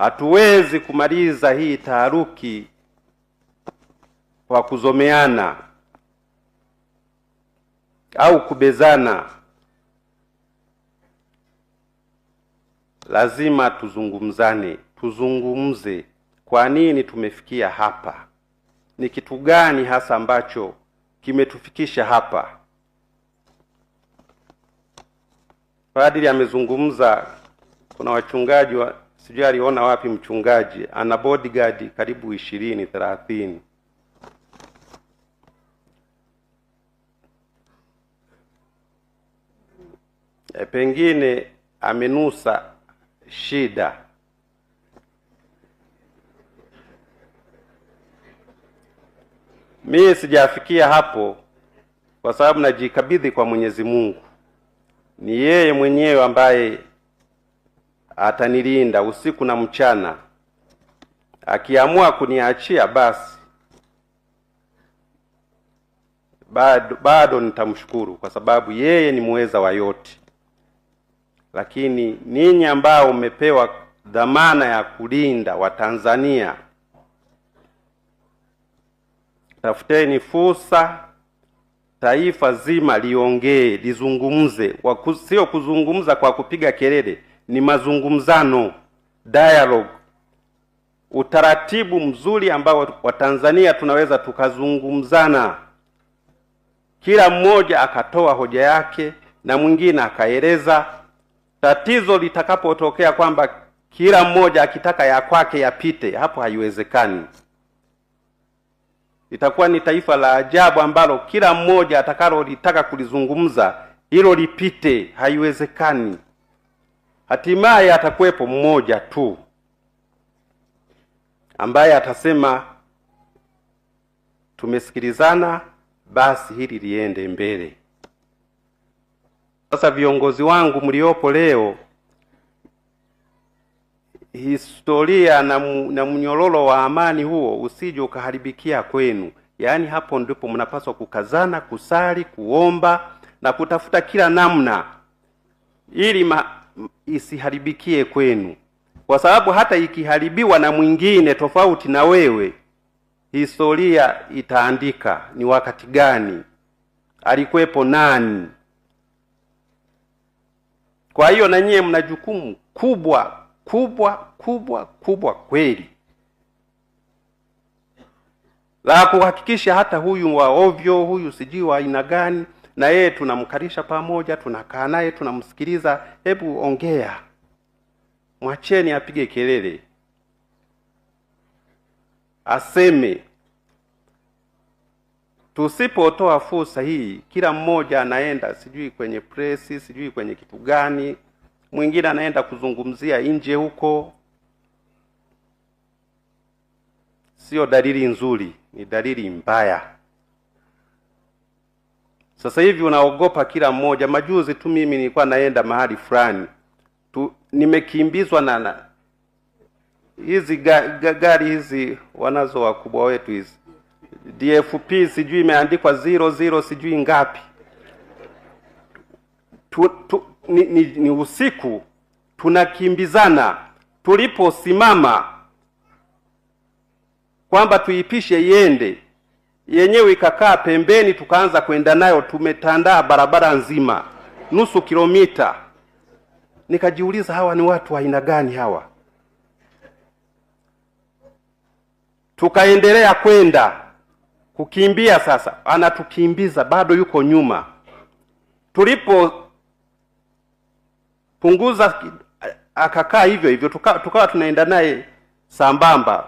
Hatuwezi kumaliza hii taharuki kwa kuzomeana au kubezana. Lazima tuzungumzane, tuzungumze kwa nini tumefikia hapa, ni kitu gani hasa ambacho kimetufikisha hapa. Padri amezungumza, kuna wachungaji wa sijui aliona wapi mchungaji ana bodyguard karibu ishirini thelathini e, pengine amenusa shida mimi sijafikia hapo kwa sababu najikabidhi kwa Mwenyezi Mungu. Ni yeye mwenyewe ambaye atanilinda usiku na mchana. Akiamua kuniachia basi bado, bado nitamshukuru kwa sababu yeye ni muweza wa yote. Lakini ninyi ambao mmepewa dhamana ya kulinda Watanzania, tafuteni fursa, taifa zima liongee, lizungumze, sio kuzungumza kwa kupiga kelele, ni mazungumzano, dialogue, utaratibu mzuri ambao Watanzania tunaweza tukazungumzana, kila mmoja akatoa hoja yake na mwingine akaeleza tatizo. Litakapotokea kwamba kila mmoja akitaka ya kwake yapite, hapo haiwezekani. Litakuwa ni taifa la ajabu ambalo kila mmoja atakalolitaka kulizungumza hilo lipite, haiwezekani. Hatimaye atakuwepo mmoja tu ambaye atasema tumesikilizana, basi hili liende mbele. Sasa viongozi wangu mliopo leo, historia na, na mnyororo wa amani huo usije ukaharibikia kwenu. Yaani hapo ndipo mnapaswa kukazana, kusali, kuomba na kutafuta kila namna ili ma isiharibikie kwenu, kwa sababu hata ikiharibiwa na mwingine tofauti na wewe, historia itaandika ni wakati gani alikuwepo nani. Kwa hiyo na nyie mna jukumu kubwa kubwa kubwa kubwa kweli la kuhakikisha hata huyu wa ovyo huyu sijui wa aina gani na yeye tunamkalisha pamoja, tunakaa naye, tunamsikiliza. Hebu ongea, mwacheni apige kelele, aseme. Tusipotoa fursa hii, kila mmoja anaenda sijui kwenye presi, sijui kwenye kitu gani, mwingine anaenda kuzungumzia nje huko. Sio dalili nzuri, ni dalili mbaya. Sasa hivi unaogopa kila mmoja. Majuzi tu mimi nilikuwa naenda mahali fulani tu, nimekimbizwa na na hizi ga, ga, gari hizi wanazo wakubwa wetu hizi DFP sijui imeandikwa zero zero sijui ngapi tu, tu, ni, ni, ni usiku tunakimbizana tuliposimama kwamba tuipishe iende yenyewe ikakaa pembeni, tukaanza kwenda nayo, tumetandaa barabara nzima nusu kilomita. Nikajiuliza, hawa ni watu aina gani hawa? Tukaendelea kwenda kukimbia, sasa anatukimbiza bado yuko nyuma. Tulipopunguza akakaa hivyo hivyo, tukawa tuka tunaenda naye sambamba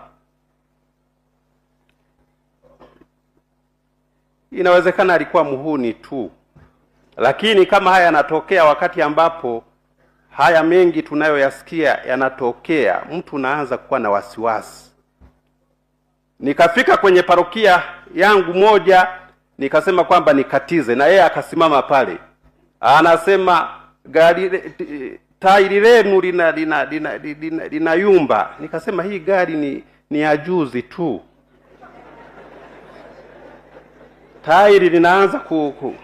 Inawezekana alikuwa muhuni tu, lakini kama haya yanatokea wakati ambapo haya mengi tunayoyasikia yanatokea, mtu unaanza kuwa na wasiwasi. Nikafika kwenye parokia yangu moja, nikasema kwamba nikatize, na yeye akasimama pale, anasema gari eh, eh, tairi lenu lina lina lina, lina, lina, lina yumba. Nikasema hii gari ni ni ya juzi tu. tayiri rinaanza ku, ku,